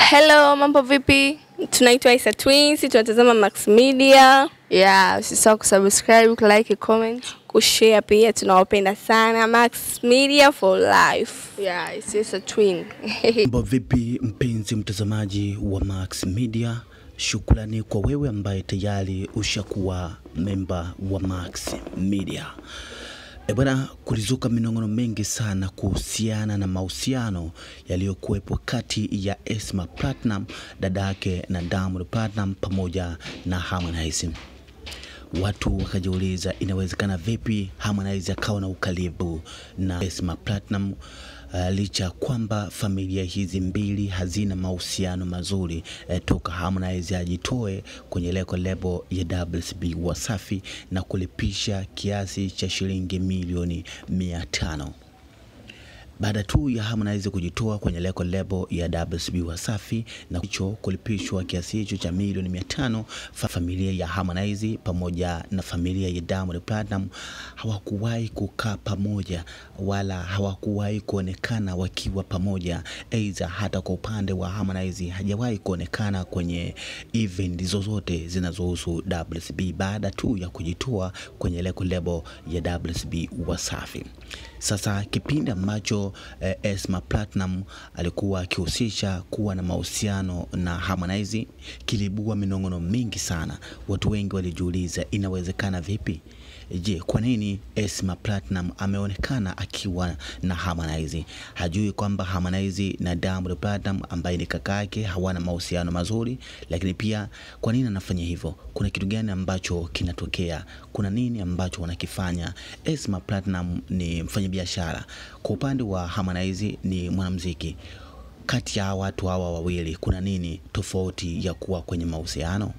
Hello, mambo vipi? Tunaitwa Isa Twins, tunatazama Max Media. Yeah, usisahau kusubscribe, like, comment, kushare pia, tunawapenda sana Max Media for life. Yeah, it's Isa Twin. mambo vipi mpenzi mtazamaji wa Max Media? Shukrani kwa wewe ambaye tayari ushakuwa memba wa Max Media. E eh, kulizuka minong'ono mengi sana kuhusiana na mahusiano yaliyokuwepo kati ya Esma Platinum, dada yake na Diamond Platinum pamoja na Harmonize. Watu wakajiuliza inawezekana vipi Harmonize akawa na ukaribu na Esma Platinum uh, licha ya kwamba familia hizi mbili hazina mahusiano mazuri eh, toka Harmonize ajitoe kwenye leko lebo ya WCB Wasafi na kulipisha kiasi cha shilingi milioni mia tano baada tu ya Harmonize kujitoa kwenye leko lebo ya WCB Wasafi na hicho kulipishwa kiasi hicho cha milioni mia tano, familia ya Harmonize pamoja na familia ya Diamond Platinum hawakuwahi kukaa pamoja wala hawakuwahi kuonekana wakiwa pamoja. Aidha, hata kwa upande wa Harmonize hajawahi kuonekana kwenye event zozote zinazohusu WCB baada tu ya kujitoa kwenye leko lebo ya WCB Wasafi. Sasa kipindi ambacho eh, Esma Platinum alikuwa akihusisha kuwa na mahusiano na Harmonize kilibua minong'ono mingi sana. Watu wengi walijiuliza inawezekana vipi? Je, kwa nini Esma Platinum ameonekana akiwa na Harmonize? Hajui kwamba Harmonize na Diamond Platinum ambaye ni kaka yake hawana mahusiano mazuri, lakini pia kwa nini anafanya hivyo? Kuna kitu gani ambacho kinatokea? Kuna nini ambacho wanakifanya? Esma Platinum ni mfanyabiashara, kwa upande wa Harmonize ni mwanamuziki kati ya watu hawa wawili kuna nini tofauti ya kuwa kwenye mahusiano?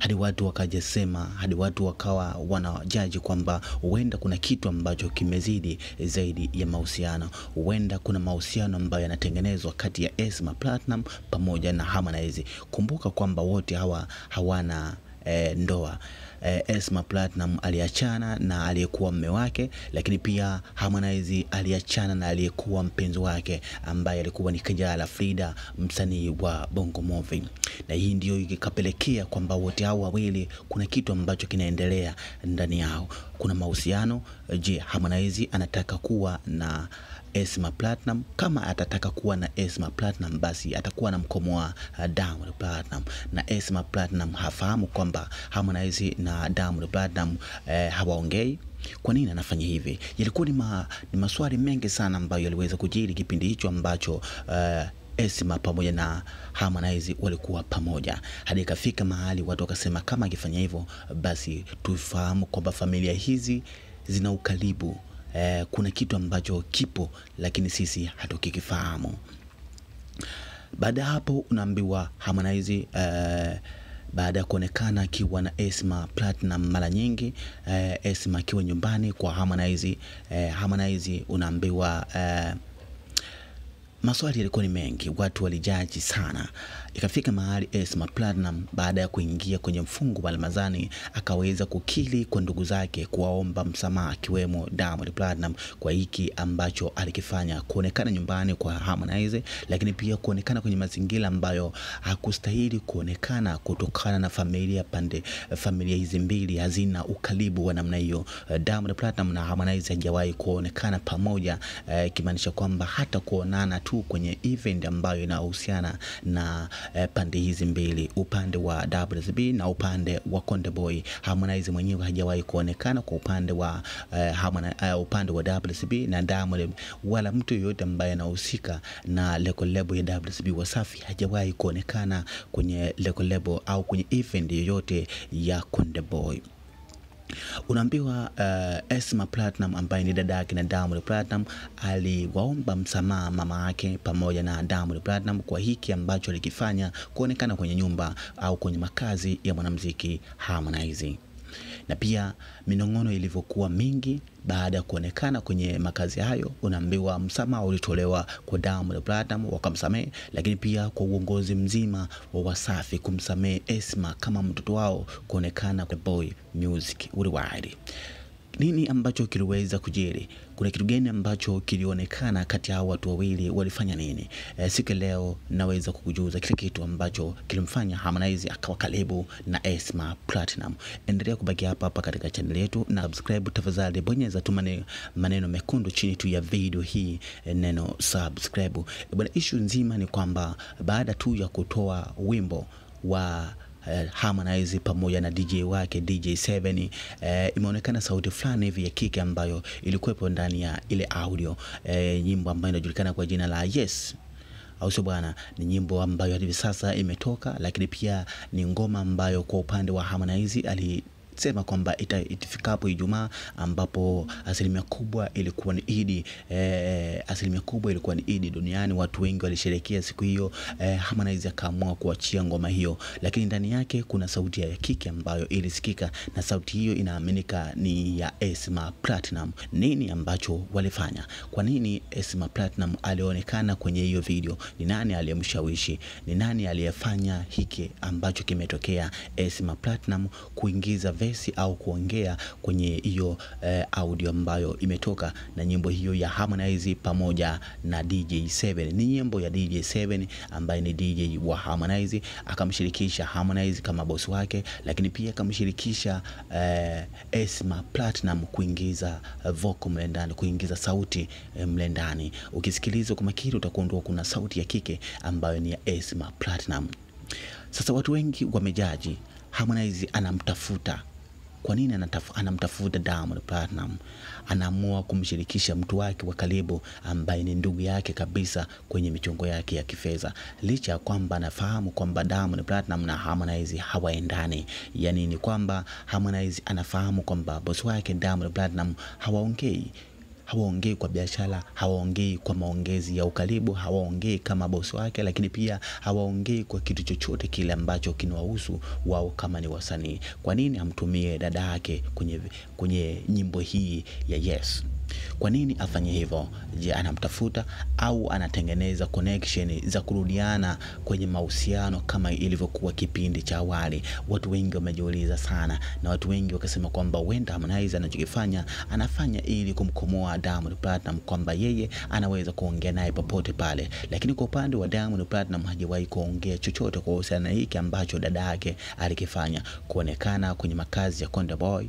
hadi watu wakajasema, hadi watu wakawa wanajaji kwamba huenda kuna kitu ambacho kimezidi zaidi ya mahusiano, huenda kuna mahusiano ambayo yanatengenezwa kati ya Esma Platinum pamoja na Harmonize. Kumbuka kwamba wote hawa hawana eh, ndoa eh, Esma Platinum aliachana na aliyekuwa mme wake, lakini pia Harmonize aliachana na aliyekuwa mpenzi wake ambaye alikuwa ni Kajala Frida, msanii wa Bongo Movie, na hii ndio ikapelekea kwamba wote hao wawili kuna kitu ambacho kinaendelea ndani yao, kuna mahusiano. Je, Harmonize anataka kuwa na Esma Platinum. Kama atataka kuwa na Esma Platinum, basi atakuwa na mkomo wa eh, Diamond Platinum, na Esma Platinum hafahamu kwamba Harmonize na Diamond Platnumz eh, hawaongei. Kwa nini anafanya hivi? Yalikuwa ni, ma, ni maswali mengi sana ambayo yaliweza kujiri kipindi hicho ambacho eh, Esma pamoja na Harmonize walikuwa pamoja hadi ikafika mahali watu wakasema kama akifanya hivyo basi tufahamu kwamba familia hizi zina ukaribu eh, kuna kitu ambacho kipo lakini sisi hatukikifahamu. Baada ya hapo unaambiwa Harmonize eh, baada ya kuonekana akiwa na Esma Platinum mara nyingi eh, Esma akiwa nyumbani kwa Harmonize eh, Harmonize unaambiwa eh, Maswali yalikuwa ni mengi, watu walijaji sana. Ikafika mahali Esma Platinum baada ya kuingia kwenye mfungo wa Almazani akaweza kukili kwa ndugu zake kuwaomba msamaha, akiwemo Diamond Platinum kwa hiki ambacho alikifanya, kuonekana nyumbani kwa Harmonize, lakini pia kuonekana kwenye mazingira ambayo hakustahili kuonekana kutokana na familia pande. Familia hizi mbili hazina ukaribu wa namna hiyo. Diamond Platinum na Harmonize hajawahi kuonekana pamoja, eh, ikimaanisha eh, kwamba hata kuonana tu kwenye event ambayo inahusiana na eh, pande hizi mbili, upande wa WSB na upande wa Konde Boy. Harmonize mwenyewe hajawahi kuonekana kwa upande wa eh, Harmonize, uh, upande wa WSB na Diamond wala mtu yoyote ambaye anahusika na leko lebo ya WSB Wasafi hajawahi kuonekana kwenye leko lebo au kwenye event yoyote ya Konde Boy. Unaambiwa uh, Esma Platinum ambaye ni dada yake na Diamond Platinum aliwaomba msamaha mama yake pamoja na Diamond Platinum kwa hiki ambacho alikifanya kuonekana kwenye nyumba au kwenye makazi ya mwanamuziki Harmonize na pia minong'ono ilivyokuwa mingi baada ya kuonekana kwenye makazi hayo, unaambiwa msamaha ulitolewa kwa Diamond Platnumz wakamsamehe, lakini pia kwa uongozi mzima wa Wasafi kumsamehe Esma kama mtoto wao kuonekana kwa Boy Music Worldwide nini ambacho kiliweza kujiri? Kuna kitu gani ambacho kilionekana kati ya watu wawili, walifanya nini? E, siku leo naweza kukujuza kile kitu ambacho kilimfanya Harmonize akawa karibu na Esma Platinum. Endelea kubaki hapa hapa katika channel yetu na subscribe tafadhali, bonyeza tu maneno mekundu chini tu ya video hii eh, neno subscribe. bwana, Issue nzima ni kwamba baada tu ya kutoa wimbo wa uh, Harmonize pamoja na DJ wake DJ7 uh, eh, imeonekana sauti fulani hivi ya kike ambayo ilikuwepo ndani ya ile audio uh, nyimbo ambayo inajulikana kwa jina la Yes au sio bwana? Ni nyimbo ambayo hivi sasa imetoka, lakini pia ni ngoma ambayo kwa upande wa Harmonize ali sema kwamba itafikapo Ijumaa ambapo asilimia kubwa ilikuwa ni Idi eh, asilimia kubwa ilikuwa ni Idi duniani, watu wengi walisherehekea siku hiyo eh, Harmonize akaamua kuachia ngoma hiyo, lakini ndani yake kuna sauti ya kike ambayo ilisikika na sauti hiyo inaaminika ni ya Esma Platinum. Nini ambacho walifanya? Kwa nini Esma Platinum alionekana kwenye hiyo video? Ni nani aliyemshawishi? Ni nani aliyefanya hiki ambacho kimetokea Esma Platinum kuingiza ve kudisi au kuongea kwenye hiyo eh, audio ambayo imetoka na nyimbo hiyo ya Harmonize pamoja na DJ7. Ni nyimbo ya DJ7 ambaye ni DJ wa Harmonize, akamshirikisha Harmonize kama bosi wake, lakini pia akamshirikisha eh, Esma Platinum kuingiza eh, vocal mle ndani, kuingiza sauti eh, mle ndani. Ukisikiliza kwa makini utakundua kuna sauti ya kike ambayo ni ya Esma Platinum. Sasa watu wengi wamejaji Harmonize anamtafuta kwa nini anamtafuta Diamond Platinum? Anaamua kumshirikisha mtu wake wa karibu ambaye ni ndugu yake kabisa kwenye michongo yake ya kifedha, licha ya kwamba anafahamu kwamba Diamond Platinum na Harmonize hawaendani. Yani ni kwamba Harmonize anafahamu kwamba bosi wake Diamond Platinum hawaongei hawaongei kwa biashara, hawaongei kwa maongezi ya ukaribu, hawaongei kama bosi wake, lakini pia hawaongei kwa kitu chochote kile ambacho kinawahusu wao kama ni wasanii. Kwa nini amtumie dada yake kwenye, kwenye nyimbo hii ya Yes? Kwa nini afanye hivyo? Je, anamtafuta au anatengeneza connection za kurudiana kwenye mahusiano kama ilivyokuwa kipindi cha awali? Watu wengi wamejiuliza sana, na watu wengi wakasema kwamba huenda Harmonize anachokifanya anafanya ili kumkomoa Diamond Platinum, kwamba yeye anaweza kuongea naye popote pale. Lakini kwa upande wa Diamond Platinum hajawahi kuongea chochote kuhusiana na hiki ambacho dada yake alikifanya, kuonekana kwenye makazi ya Konde Boy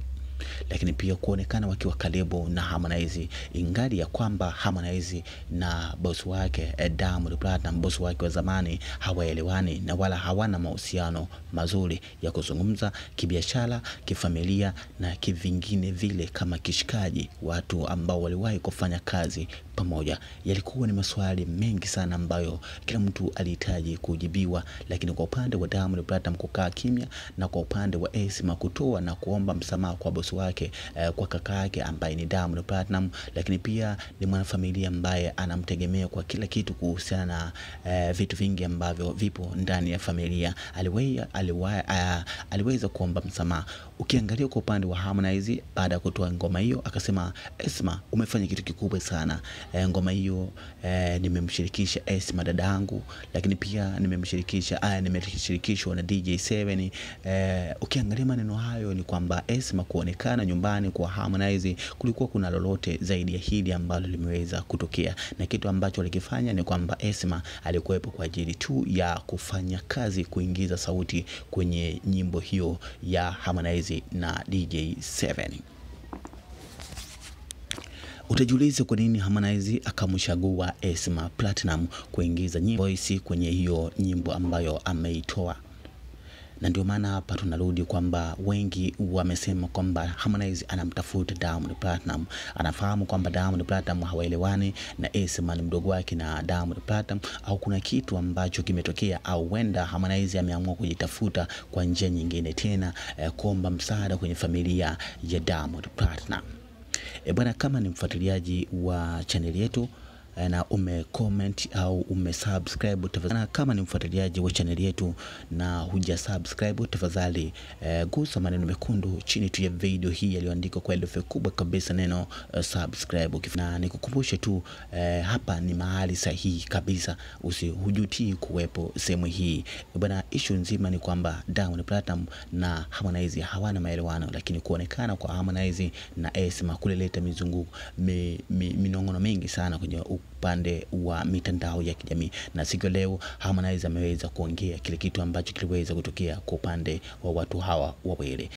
lakini pia kuonekana wakiwa karibu na Harmonize, ingali ya kwamba Harmonize na bosi wake eh, Diamond Platnumz, bosi wake wa zamani, hawaelewani na wala hawana mahusiano mazuri ya kuzungumza kibiashara, kifamilia na kivingine vile, kama kishikaji, watu ambao waliwahi kufanya kazi pamoja. Yalikuwa ni maswali mengi sana ambayo kila mtu alihitaji kujibiwa, lakini kwa upande wa Diamond Platnumz kukaa kimya na kwa upande wa Esma kutoa na kuomba msamaha kwa bosi wafuasi wake eh, kwa kaka yake ambaye ni Diamond Platinum, lakini pia ni mwanafamilia ambaye anamtegemea kwa kila kitu kuhusiana na eh, vitu vingi ambavyo vipo ndani ya familia. Aliweza aliwe, uh, aliweza kuomba msamaha. Ukiangalia kwa upande wa Harmonize baada ya kutoa ngoma hiyo akasema, Esma umefanya kitu kikubwa sana. eh, ngoma hiyo eh, nimemshirikisha Esma dadangu, lakini pia nimemshirikisha aya, nimeshirikishwa na DJ7. eh, ukiangalia maneno hayo ni kwamba Esma kuonekana kuonekana nyumbani kwa Harmonize kulikuwa kuna lolote zaidi ya hili ambalo limeweza kutokea, na kitu ambacho alikifanya ni kwamba Esma alikuwepo kwa ajili tu ya kufanya kazi kuingiza sauti kwenye nyimbo hiyo ya Harmonize na DJ 7. Utajiuliza kwa nini Harmonize akamchagua Esma Platinum kuingiza nyimbo voice kwenye hiyo nyimbo ambayo ameitoa na ndio maana hapa tunarudi kwamba wengi wamesema kwamba Harmonize anamtafuta Diamond Platinum, anafahamu kwamba Diamond Platinum hawaelewani na Ace Man mdogo wake na Diamond Platinum, au kuna kitu ambacho kimetokea, au wenda Harmonize ameamua kujitafuta kwa njia nyingine tena, eh, kuomba msaada kwenye familia ya Diamond Platinum. E eh, bwana, kama ni mfuatiliaji wa chaneli yetu Eh, na umecomment au umesubscribe tafadhali. Kama ni mfuatiliaji wa channel yetu na hujasubscribe, tafadhali eh, gusa maneno mekundu chini tu ya video hii yaliyoandikwa kwa herufi kubwa kabisa neno uh, subscribe. Na nikukumbushe tu eh, hapa ni mahali sahihi kabisa, usihujutii kuwepo sehemu hii bwana. Issue nzima ni kwamba Diamond Platnumz na Harmonize hawana maelewano, lakini kuonekana kwa Harmonize na Esma kulileta mizunguko mi, mi, minongono mingi sana kwenye upande wa mitandao ya kijamii, na siku leo Harmonize ameweza kuongea kile kitu ambacho kiliweza kutokea kwa upande wa watu hawa wawili.